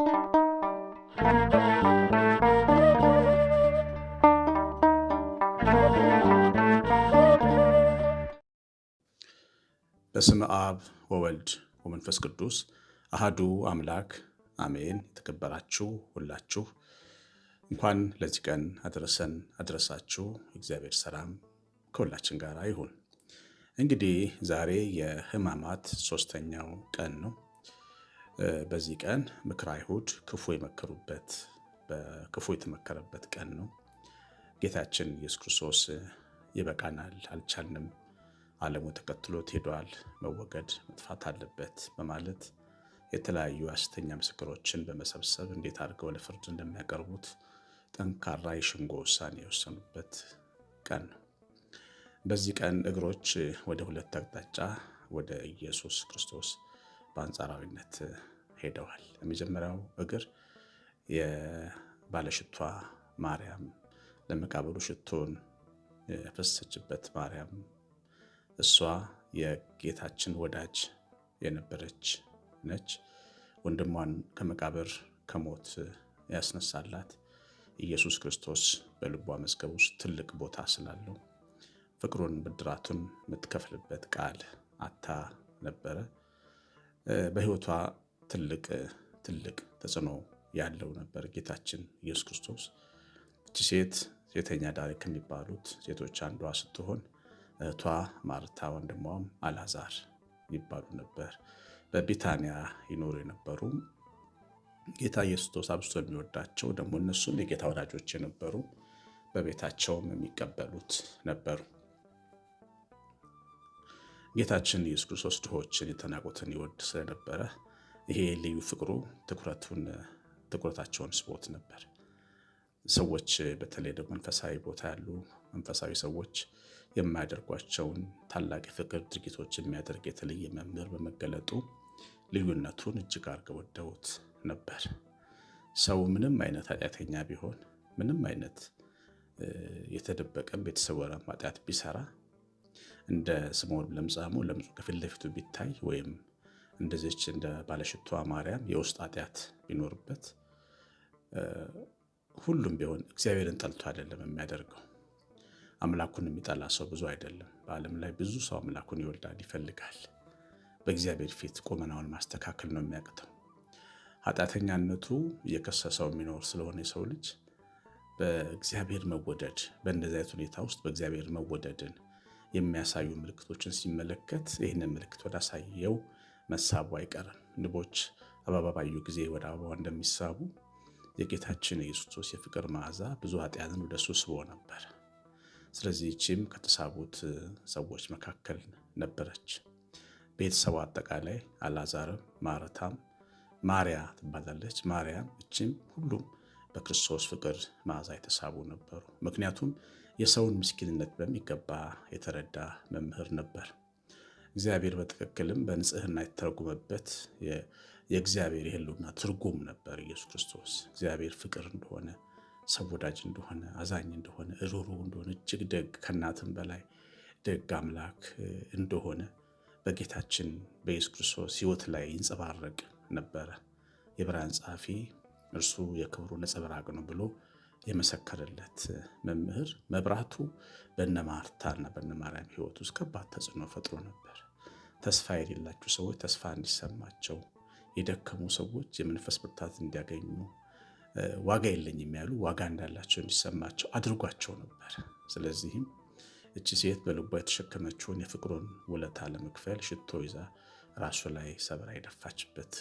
በስም አብ ወወልድ ወመንፈስ ቅዱስ አህዱ አምላክ አሜን። የተከበራችሁ ሁላችሁ እንኳን ለዚህ ቀን አድረሰን አድረሳችሁ። እግዚአብሔር ሰላም ከሁላችን ጋር ይሁን። እንግዲህ ዛሬ የሕማማት ሶስተኛው ቀን ነው። በዚህ ቀን ምክረ አይሁድ ክፉ የመከሩበት በክፉ የተመከረበት ቀን ነው። ጌታችን ኢየሱስ ክርስቶስ ይበቃናል፣ አልቻልንም፣ ዓለሙ ተከትሎት ሄዷል፣ መወገድ መጥፋት አለበት በማለት የተለያዩ አስተኛ ምስክሮችን በመሰብሰብ እንዴት አድርገው ለፍርድ እንደሚያቀርቡት ጠንካራ የሽንጎ ውሳኔ የወሰኑበት ቀን ነው። በዚህ ቀን እግሮች ወደ ሁለት አቅጣጫ ወደ ኢየሱስ ክርስቶስ በአንጻራዊነት ሄደዋል። የመጀመሪያው እግር የባለሽቷ ማርያም ለመቃብሩ ሽቶን የፈሰችበት ማርያም፣ እሷ የጌታችን ወዳጅ የነበረች ነች። ወንድሟን ከመቃብር ከሞት ያስነሳላት ኢየሱስ ክርስቶስ በልቧ መዝገብ ውስጥ ትልቅ ቦታ ስላለው ፍቅሩን፣ ብድራቱን የምትከፍልበት ቃል አታ ነበረ። በህይወቷ ትልቅ ትልቅ ተጽዕኖ ያለው ነበር። ጌታችን ኢየሱስ ክርስቶስ እቺ ሴት ሴተኛ ዳሪ ከሚባሉት ሴቶች አንዷ ስትሆን እህቷ ማርታ ወንድሟም አላዛር ይባሉ ነበር። በቢታንያ ይኖሩ የነበሩ ጌታ ኢየሱስ ክርስቶስ አብዝቶ የሚወዳቸው ደግሞ እነሱም የጌታ ወዳጆች የነበሩ በቤታቸውም የሚቀበሉት ነበሩ። ጌታችን ኢየሱስ ክርስቶስ ድሆችን የተናቁትን ይወድ ስለነበረ ይሄ ልዩ ፍቅሩ ትኩረቱን ትኩረታቸውን ስቦት ነበር። ሰዎች በተለይ ደግሞ መንፈሳዊ ቦታ ያሉ መንፈሳዊ ሰዎች የማያደርጓቸውን ታላቅ የፍቅር ድርጊቶች የሚያደርግ የተለየ መምህር በመገለጡ ልዩነቱን እጅግ አድርገው ወደውት ነበር። ሰው ምንም አይነት ኃጢአተኛ ቢሆን ምንም አይነት የተደበቀም የተሰወረ ኃጢአት ቢሰራ እንደ ስምዖን ለምጻሙ ለምጹ ከፊት ለፊቱ ቢታይ ወይም እንደዚች እንደ ባለሽቷ ማርያም የውስጥ ኃጢአት ቢኖርበት ሁሉም ቢሆን እግዚአብሔርን ጠልቶ አይደለም የሚያደርገው። አምላኩን የሚጠላ ሰው ብዙ አይደለም። በዓለም ላይ ብዙ ሰው አምላኩን ይወልዳል፣ ይፈልጋል። በእግዚአብሔር ፊት ቁመናውን ማስተካከል ነው የሚያቅተው። ኃጢአተኛነቱ እየከሰሰው የሚኖር ስለሆነ የሰው ልጅ በእግዚአብሔር መወደድ በእንደዚህ አይነት ሁኔታ ውስጥ በእግዚአብሔር መወደድን የሚያሳዩ ምልክቶችን ሲመለከት ይህንን ምልክት ወዳሳየው መሳቡ አይቀርም። ንቦች አበባ ባዩ ጊዜ ወደ አበባ እንደሚሳቡ የጌታችን የክርስቶስ የፍቅር መዓዛ ብዙ ኃጢአትን ወደ እሱ ስቦ ነበር። ስለዚህ ይቺም ከተሳቡት ሰዎች መካከል ነበረች። ቤተሰቡ አጠቃላይ አላዛርም፣ ማረታም፣ ማርያ ትባላለች። ማርያም እችም ሁሉም በክርስቶስ ፍቅር መዓዛ የተሳቡ ነበሩ። ምክንያቱም የሰውን ምስኪንነት በሚገባ የተረዳ መምህር ነበር። እግዚአብሔር በትክክልም በንጽህና የተተረጎመበት የእግዚአብሔር የህልውና ትርጉም ነበር ኢየሱስ ክርስቶስ። እግዚአብሔር ፍቅር እንደሆነ፣ ሰው ወዳጅ እንደሆነ፣ አዛኝ እንደሆነ፣ ሩህሩህ እንደሆነ፣ እጅግ ደግ ከእናትም በላይ ደግ አምላክ እንደሆነ በጌታችን በኢየሱስ ክርስቶስ ህይወት ላይ ይንጸባረቅ ነበረ። የብርሃን ጸሐፊ እርሱ የክብሩ ነጸብራቅ ነው ብሎ የመሰከረለት መምህር መብራቱ በነ ማርታና በነ ማርያም ሕይወት ውስጥ ከባድ ተጽዕኖ ፈጥሮ ነበር። ተስፋ የሌላቸው ሰዎች ተስፋ እንዲሰማቸው፣ የደከሙ ሰዎች የመንፈስ ብርታት እንዲያገኙ፣ ዋጋ የለኝም ያሉ ዋጋ እንዳላቸው እንዲሰማቸው አድርጓቸው ነበር። ስለዚህም እቺ ሴት በልቧ የተሸከመችውን የፍቅሩን ውለታ ለመክፈል ሽቶ ይዛ ራሱ ላይ ሰብራ የደፋችበት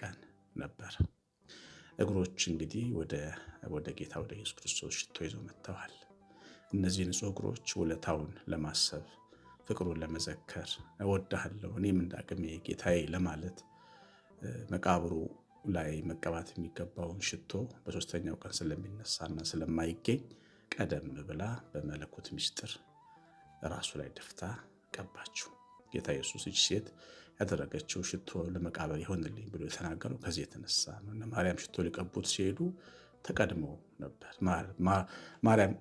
ቀን ነበር። እግሮች እንግዲህ ወደ ጌታ ወደ ኢየሱስ ክርስቶስ ሽቶ ይዘው መጥተዋል። እነዚህ ንጹህ እግሮች ውለታውን ለማሰብ ፍቅሩን ለመዘከር እወድሃለሁ፣ እኔም እንዳቅሜ ጌታዬ ለማለት መቃብሩ ላይ መቀባት የሚገባውን ሽቶ በሶስተኛው ቀን ስለሚነሳና ስለማይገኝ ቀደም ብላ በመለኮት ምስጢር ራሱ ላይ ደፍታ ቀባችው። ጌታ ኢየሱስ እጅ ሴት ያደረገችው ሽቶ ለመቃበር ይሆንልኝ ብሎ የተናገረው ከዚህ የተነሳ ነው። እነ ማርያም ሽቶ ሊቀቡት ሲሄዱ ተቀድሞ ነበር። ማርያም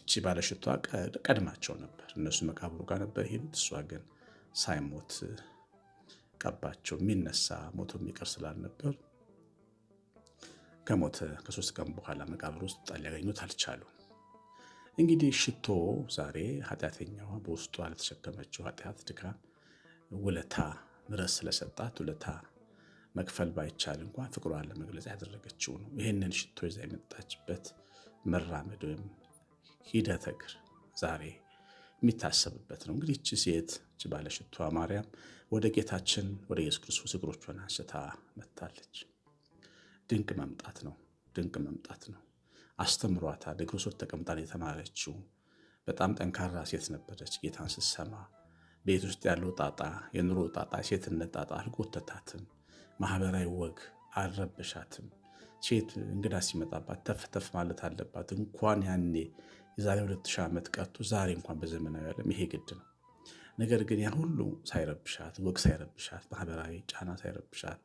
እቺ ባለሽቷ ቀድማቸው ነበር። እነሱ መቃብሩ ጋር ነበር ሄዱት። እሷ ግን ሳይሞት ቀባቸው። የሚነሳ ሞቶ የሚቀር ስላልነበር ከሞተ ከሶስት ቀን በኋላ መቃብር ውስጥ ጣል ሊያገኙት አልቻሉም። እንግዲህ ሽቶ ዛሬ ኃጢአተኛዋ በውስጡ አልተሸከመችው ኃጢአት ድካም ውለታ ምሕረት ስለሰጣት ውለታ መክፈል ባይቻል እንኳን ፍቅሯን ለመግለጽ ያደረገችው ነው። ይህንን ሽቶ ይዛ የመጣችበት መራመድ ወይም ሂደተ እግር ዛሬ የሚታሰብበት ነው። እንግዲህ እቺ ሴት እቺ ባለሽቷ ማርያም ወደ ጌታችን ወደ ኢየሱስ ክርስቶስ እግሮቿን አንስታ መታለች። ድንቅ መምጣት ነው። ድንቅ መምጣት ነው። አስተምሯታል። እግሩ ስር ተቀምጣ የተማረችው በጣም ጠንካራ ሴት ነበረች ጌታን ስትሰማ ቤት ውስጥ ያለው ጣጣ፣ የኑሮ ጣጣ፣ ሴትነት ጣጣ አልጎተታትም። ማህበራዊ ወግ አልረበሻትም። ሴት እንግዳ ሲመጣባት ተፍተፍ ማለት አለባት። እንኳን ያኔ የዛሬ ሁለት ሺህ ዓመት ቀርቶ ዛሬ እንኳን በዘመናዊ ዓለም ይሄ ግድ ነው። ነገር ግን ያ ሁሉ ሳይረብሻት፣ ወግ ሳይረብሻት፣ ማህበራዊ ጫና ሳይረብሻት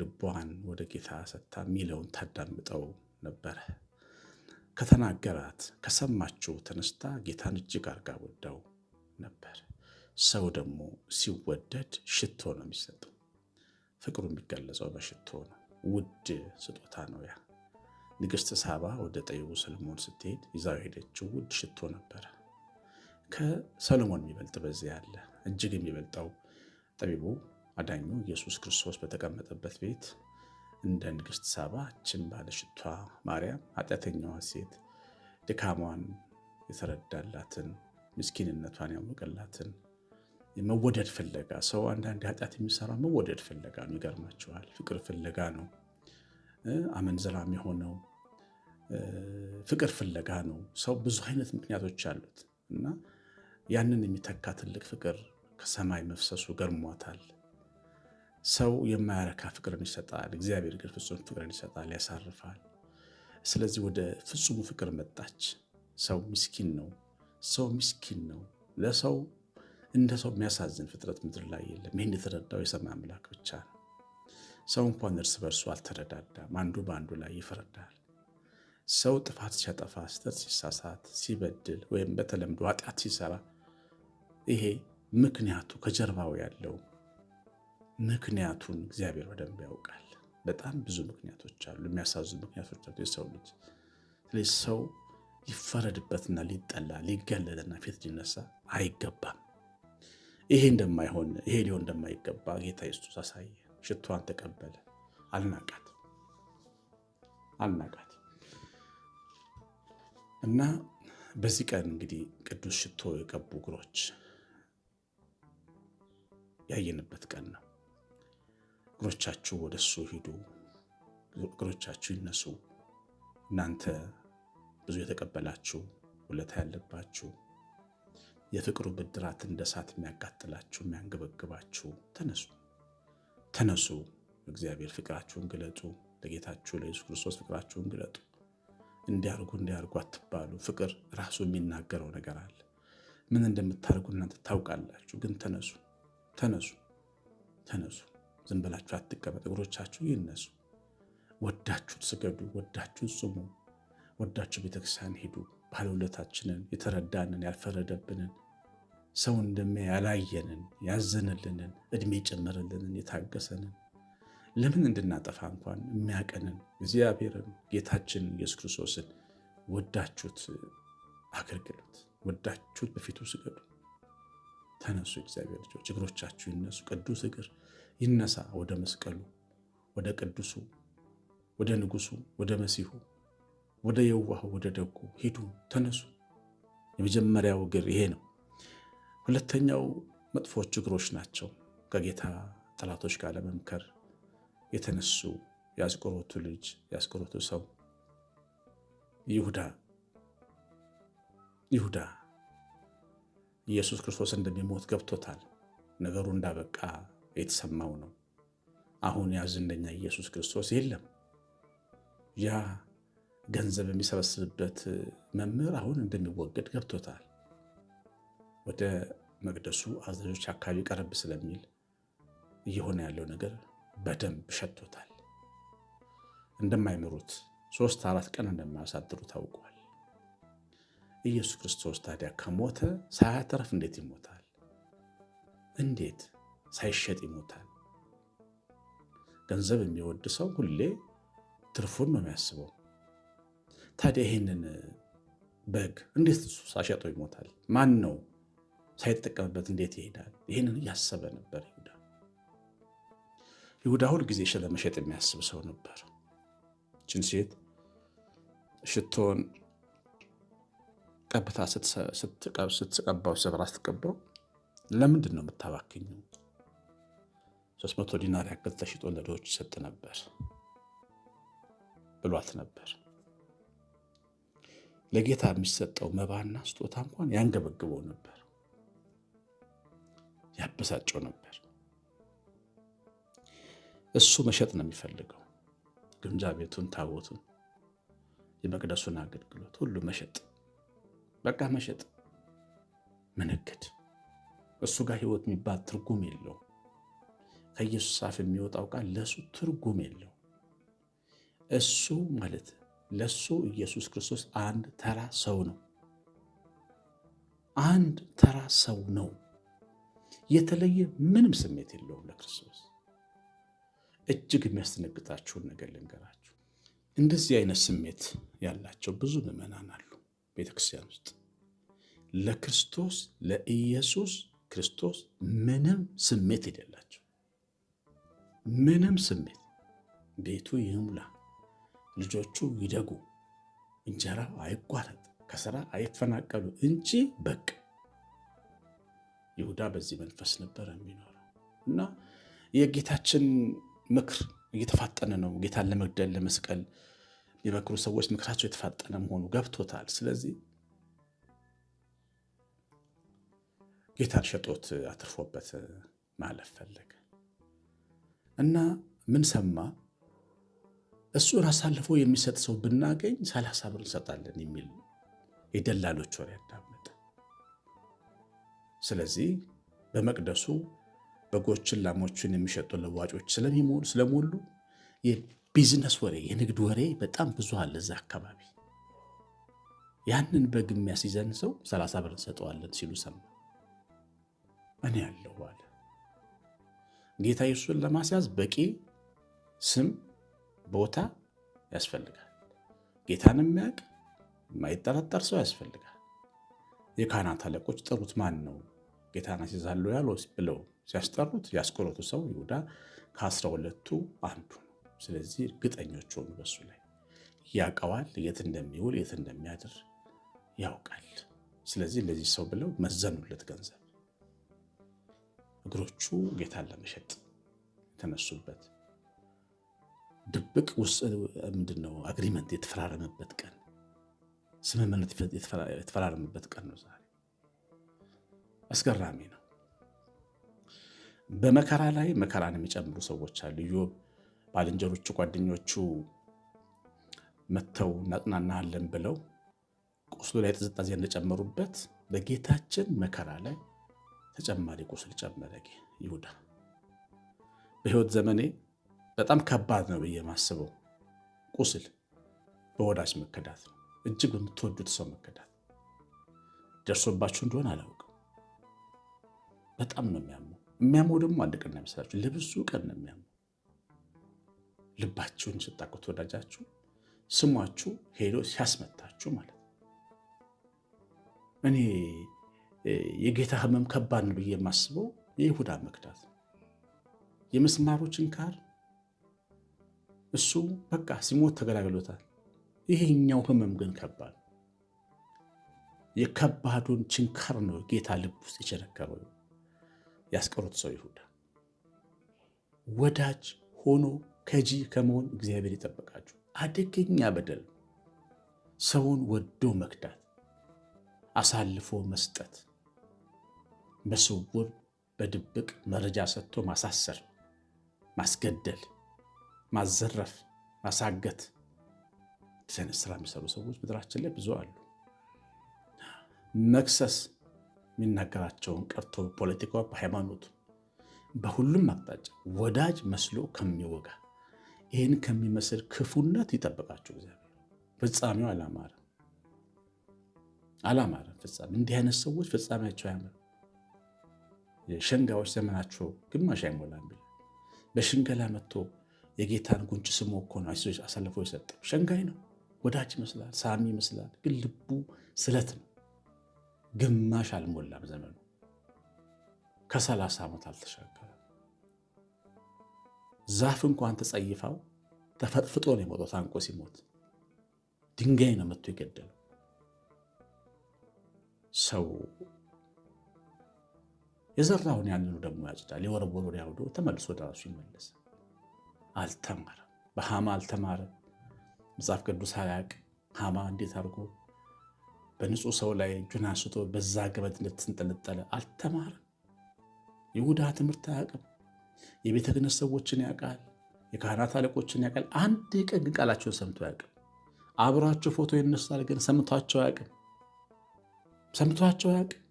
ልቧን ወደ ጌታ ሰጥታ የሚለውን ታዳምጠው ነበረ። ከተናገራት ከሰማችው ተነስታ ጌታን እጅግ አርጋ ወዳው ነበር። ሰው ደግሞ ሲወደድ ሽቶ ነው የሚሰጠው። ፍቅሩ የሚገለጸው በሽቶ ነው። ውድ ስጦታ ነው ያ። ንግስት ሳባ ወደ ጠይቡ ሰለሞን ስትሄድ ይዛው ሄደችው ውድ ሽቶ ነበረ። ከሰሎሞን የሚበልጥ በዚህ ያለ እጅግ የሚበልጠው ጠቢቡ አዳኙ ኢየሱስ ክርስቶስ በተቀመጠበት ቤት እንደ ንግስት ሳባ እችን ባለሽቷ ማርያም ኃጢአተኛዋ ሴት ድካሟን የተረዳላትን ምስኪንነቷን ያወቀላትን መወደድ ፍለጋ ሰው አንዳንድ ኃጢአት የሚሰራ መወደድ ፍለጋ ነው። ይገርማችኋል። ፍቅር ፍለጋ ነው። አመንዝራም የሆነው ፍቅር ፍለጋ ነው። ሰው ብዙ አይነት ምክንያቶች አሉት እና ያንን የሚተካ ትልቅ ፍቅር ከሰማይ መፍሰሱ ገርሟታል። ሰው የማያረካ ፍቅርን ይሰጣል፣ እግዚአብሔር ግን ፍጹም ፍቅርን ይሰጣል፣ ያሳርፋል። ስለዚህ ወደ ፍጹሙ ፍቅር መጣች። ሰው ምስኪን ነው። ሰው ምስኪን ነው ለሰው እንደ ሰው የሚያሳዝን ፍጥረት ምድር ላይ የለም። ይህን የተረዳው የሰማይ አምላክ ብቻ ነው። ሰው እንኳን እርስ በርሱ አልተረዳዳም። አንዱ በአንዱ ላይ ይፈረዳል ሰው ጥፋት ሲያጠፋ፣ ስተት ሲሳሳት፣ ሲበድል ወይም በተለምዶ ኃጢአት ሲሰራ ይሄ ምክንያቱ ከጀርባው ያለው ምክንያቱን እግዚአብሔር በደንብ ያውቃል። በጣም ብዙ ምክንያቶች አሉ፣ የሚያሳዝኑ ምክንያቶች አሉ የሰው ልጅ። ስለዚህ ሰው ሊፈረድበትና ሊጠላ ሊገለልና ፊት ሊነሳ አይገባም። ይሄ እንደማይሆን ይሄ ሊሆን እንደማይገባ ጌታ ኢየሱስ አሳየ። ሽቷን ተቀበለ፣ አልናቃት አልናቃት እና በዚህ ቀን እንግዲህ ቅዱስ ሽቶ የቀቡ እግሮች ያየንበት ቀን ነው። እግሮቻችሁ ወደ እሱ ሂዱ፣ እግሮቻችሁ ይነሱ። እናንተ ብዙ የተቀበላችሁ ውለታ ያለባችሁ የፍቅሩ ብድራት እንደ እሳት የሚያቃጥላችሁ የሚያንገበግባችሁ ተነሱ፣ ተነሱ። እግዚአብሔር ፍቅራችሁን ግለጡ። ለጌታችሁ ለኢየሱስ ክርስቶስ ፍቅራችሁን ግለጡ። እንዲያርጉ እንዲያርጉ አትባሉ። ፍቅር ራሱ የሚናገረው ነገር አለ። ምን እንደምታደርጉ እናንተ ታውቃላችሁ። ግን ተነሱ፣ ተነሱ፣ ተነሱ። ዝም ብላችሁ አትቀመጥ። እግሮቻችሁ ይነሱ። ወዳችሁ ስገዱ፣ ወዳችሁ ጽሙ፣ ወዳችሁ ቤተክርስቲያን ሂዱ። ባለውለታችንን የተረዳንን ያልፈረደብንን ሰው እንደሚ ያላየንን ያዘንልንን እድሜ ጨመረልንን የታገሰንን ለምን እንድናጠፋ እንኳን የሚያቀንን እግዚአብሔርን ጌታችንን ኢየሱስ ክርስቶስን ወዳችሁት አገልግሉት፣ ወዳችሁት በፊቱ ስገዱ። ተነሱ፣ እግዚአብሔር ልጆች እግሮቻችሁ ይነሱ። ቅዱስ እግር ይነሳ ወደ መስቀሉ፣ ወደ ቅዱሱ፣ ወደ ንጉሱ፣ ወደ መሲሁ፣ ወደ የዋሁ፣ ወደ ደጉ ሂዱ፣ ተነሱ። የመጀመሪያው እግር ይሄ ነው። ሁለተኛው መጥፎች እግሮች ናቸው። ከጌታ ጠላቶች ጋር ለመምከር የተነሱ የአስቆሮቱ ልጅ የአስቆሮቱ ሰው ይሁዳ ይሁዳ ኢየሱስ ክርስቶስ እንደሚሞት ገብቶታል። ነገሩ እንዳበቃ የተሰማው ነው። አሁን ያ ዝነኛ ኢየሱስ ክርስቶስ የለም። ያ ገንዘብ የሚሰበስብበት መምህር አሁን እንደሚወገድ ገብቶታል። ወደ መቅደሱ አዛዦች አካባቢ ቀረብ ስለሚል እየሆነ ያለው ነገር በደንብ ሸቶታል። እንደማይምሩት ሶስት አራት ቀን እንደማያሳድሩ ታውቋል። ኢየሱስ ክርስቶስ ታዲያ ከሞተ ሳያተረፍ እንዴት ይሞታል? እንዴት ሳይሸጥ ይሞታል? ገንዘብ የሚወድ ሰው ሁሌ ትርፉን ነው የሚያስበው። ታዲያ ይህንን በግ እንዴት ሳሸጠው ይሞታል? ማን ነው ሳይጠቀምበት እንዴት ይሄዳል? ይህንን እያሰበ ነበር ይሁዳ። ይሁዳ ሁል ጊዜ ለመሸጥ የሚያስብ ሰው ነበር። ችን ሴት ሽቶን ቀብታ ስትቀባው ሰብራ ስትቀባው ለምንድን ነው የምታባክኘው? ሶስት መቶ ዲናር ያክል ተሽጦ ለድሆች ይሰጥ ነበር ብሏት ነበር። ለጌታ የሚሰጠው መባና ስጦታ እንኳን ያንገበግበው ነበር። ያበሳጨው ነበር። እሱ መሸጥ ነው የሚፈልገው፣ ግምጃ ቤቱን፣ ታቦቱን፣ የመቅደሱን አገልግሎት ሁሉ መሸጥ፣ በቃ መሸጥ፣ መነገድ። እሱ ጋር ህይወት የሚባል ትርጉም የለው ከኢየሱስ አፍ የሚወጣው ቃል ለእሱ ትርጉም የለው። እሱ ማለት ለእሱ ኢየሱስ ክርስቶስ አንድ ተራ ሰው ነው። አንድ ተራ ሰው ነው። የተለየ ምንም ስሜት የለውም ለክርስቶስ። እጅግ የሚያስደነግጣችሁን ነገር ልንገራችሁ። እንደዚህ አይነት ስሜት ያላቸው ብዙ ምዕመናን አሉ ቤተክርስቲያን ውስጥ ለክርስቶስ ለኢየሱስ ክርስቶስ ምንም ስሜት የሌላቸው ምንም ስሜት። ቤቱ ይሙላ፣ ልጆቹ ይደጉ፣ እንጀራ አይጓረጥ ከስራ አይፈናቀሉ እንጂ በቃ ይሁዳ በዚህ መንፈስ ነበር የሚኖረው እና የጌታችን ምክር እየተፋጠነ ነው። ጌታን ለመግደል ለመስቀል የመክሩ ሰዎች ምክራቸው የተፋጠነ መሆኑ ገብቶታል። ስለዚህ ጌታን ሸጦት አትርፎበት ማለፍ ፈለገ እና ምን ሰማ? እሱን አሳልፎ የሚሰጥ ሰው ብናገኝ ሰላሳ ብር እንሰጣለን የሚል የደላሎች ወሬ ያዳመ ስለዚህ በመቅደሱ በጎችን፣ ላሞችን የሚሸጡ ለዋጮች ስለሞሉ የቢዝነስ ወሬ የንግድ ወሬ በጣም ብዙ አለ እዛ አካባቢ። ያንን በግ የሚያስይዘን ሰው ሰላሳ ብር እንሰጠዋለን ሲሉ ሰማ። እኔ ያለሁ አለ ጌታ ኢየሱስን ለማስያዝ በቂ ስም ቦታ ያስፈልጋል። ጌታን የሚያውቅ የማይጠረጠር ሰው ያስፈልጋል። የካህናት አለቆች ጠሩት። ማን ነው ጌታን አስይዛለሁ ያለው ብለው ሲያስጠሩት ያስቆረቱ ሰው ይሁዳ ከአስራ ሁለቱ አንዱ ነው። ስለዚህ እርግጠኞች ሆኑ። በሱ ላይ ያውቀዋል፣ የት እንደሚውል የት እንደሚያድር ያውቃል። ስለዚህ ለዚህ ሰው ብለው መዘኑለት ገንዘብ። እግሮቹ ጌታን ለመሸጥ የተነሱበት ድብቅ ምንድነው አግሪመንት የተፈራረመበት ቀን ስምምነት የተፈራረምበት ቀን ነው ዛሬ። አስገራሚ ነው። በመከራ ላይ መከራን የሚጨምሩ ሰዎች አሉ። ኢዮብ ባልንጀሮቹ፣ ጓደኞቹ መጥተው እናጽናናሃለን ብለው ቁስሉ ላይ ጥዝጣዜ እንደጨመሩበት በጌታችን መከራ ላይ ተጨማሪ ቁስል ጨመረ ይሁዳ። በህይወት ዘመኔ በጣም ከባድ ነው ብዬ የማስበው ቁስል በወዳጅ መከዳት ነው። እጅግ በምትወዱት ሰው መከዳት ደርሶባችሁ እንደሆነ አላውቅም። በጣም ነው የሚያመው። የሚያመው ደግሞ አንድ ቀን ነው ለብዙ ቀን ነው የሚያመው። ልባችሁን ስታቁት ወዳጃችሁ ስሟችሁ ሄዶ ሲያስመታችሁ ማለት ነው። እኔ የጌታ ህመም ከባድ ነው ብዬ የማስበው የይሁዳ መክዳት ነው። የምስማሮችን ካር እሱ በቃ ሲሞት ተገላግሎታል። ይሄኛው ህመም ግን ከባድ የከባዱን ችንካር ነው ጌታ ልብ ውስጥ የቸነከረው። ያስቀሩት ሰው ይሁዳ ወዳጅ ሆኖ ከጂ ከመሆን እግዚአብሔር ይጠበቃችሁ። አደገኛ በደል ሰውን ወዶ መክዳት፣ አሳልፎ መስጠት፣ በስውር በድብቅ መረጃ ሰጥቶ ማሳሰር፣ ማስገደል፣ ማዘረፍ፣ ማሳገት ሰነ ስራ የሚሰሩ ሰዎች ምድራችን ላይ ብዙ አሉ። መክሰስ የሚናገራቸውን ቀርቶ በፖለቲካ፣ በሃይማኖት፣ በሁሉም አቅጣጫ ወዳጅ መስሎ ከሚወጋ ይህን ከሚመስል ክፉነት ይጠብቃቸው እግዚአብሔር። ፍጻሜው አላማረም፣ አላማረም ፍጻሜ። እንዲህ አይነት ሰዎች ፍጻሜያቸው አያምርም። የሸንጋዮች ዘመናቸው ግማሽ አይሞላም። በሽንገላ መጥቶ የጌታን ጉንጭ ስሞ እኮ ነው አሳልፎ የሰጠው ሸንጋይ ነው። ወዳጅ ይመስላል፣ ሳሚ ይመስላል፣ ግን ልቡ ስለት ነው። ግማሽ አልሞላም ዘመኑ ከሰላሳ ዓመት አልተሻገረ። ዛፍ እንኳን ተጸይፋው ተፈጥፍጦ ነው የሞጠው። ታንቆ ሲሞት ድንጋይ ነው መቶ የገደለው። ሰው የዘራውን ያንኑ ደግሞ ያጭዳል። የወረወረውን ያውዶ ተመልሶ ወደ ራሱ ይመለሳል። አልተማረም፣ በሃማ አልተማረም። መጽሐፍ ቅዱስ ሀያቅ ሀማ እንዴት አድርጎ በንጹህ ሰው ላይ እጁን አንስቶ በዛ ገበት እንደተንጠለጠለ አልተማርም። ይሁዳ ትምህርት አያውቅም። የቤተ ክህነት ሰዎችን ያውቃል። የካህናት አለቆችን ያውቃል። አንድ ቀን ግን ቃላቸውን ሰምቶ አያውቅም። አብሯቸው ፎቶ ይነሳል፣ ግን ሰምቷቸው አያውቅም። ሰምቷቸው አያውቅም።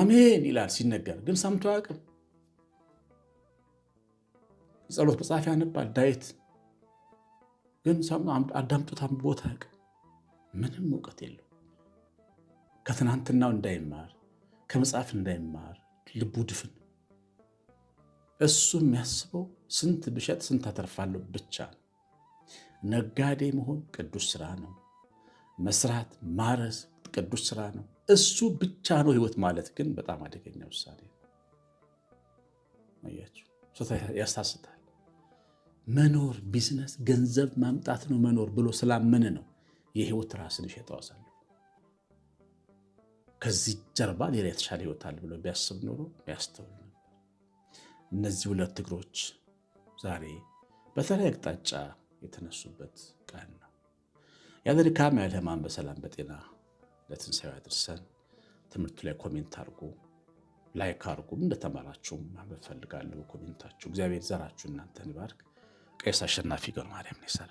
አሜን ይላል ሲነገር፣ ግን ሰምቶ አያውቅም። ጸሎት መጽሐፍ ያነባል ዳዊት ግን አዳምጦት አንብቦት አያውቅም። ምንም እውቀት የለው። ከትናንትናው እንዳይማር ከመጽሐፍ እንዳይማር ልቡ ድፍን። እሱ የሚያስበው ስንት ብሸጥ ስንት አተርፋለሁ ብቻ ነው። ነጋዴ መሆን ቅዱስ ስራ ነው። መስራት ማረስ ቅዱስ ስራ ነው። እሱ ብቻ ነው ህይወት ማለት ግን በጣም አደገኛ ውሳኔ ነው። ያስታስታል። መኖር ቢዝነስ ገንዘብ ማምጣት ነው መኖር ብሎ ስላመነ ነው የህይወት ራስን ሸጠው አሳልፎ ከዚህ ጀርባ ሌላ የተሻለ ህይወት አለ ብሎ ቢያስብ ኖሮ ያስተውል ነበር። እነዚህ ሁለት እግሮች ዛሬ በተለይ አቅጣጫ የተነሱበት ቀን ነው። ያለ ድካም ያለ ህማም በሰላም በጤና ለትንሣኤው አድርሰን። ትምህርቱ ላይ ኮሜንት አርጉ፣ ላይክ አድርጉም። እንደተማራችሁም ማንበብ ፈልጋለሁ ኮሜንታችሁ። እግዚአብሔር ዘራችሁ እናንተን ይባርክ። ቄስ አሸናፊ ገብረ ማርያም ነው የሰራ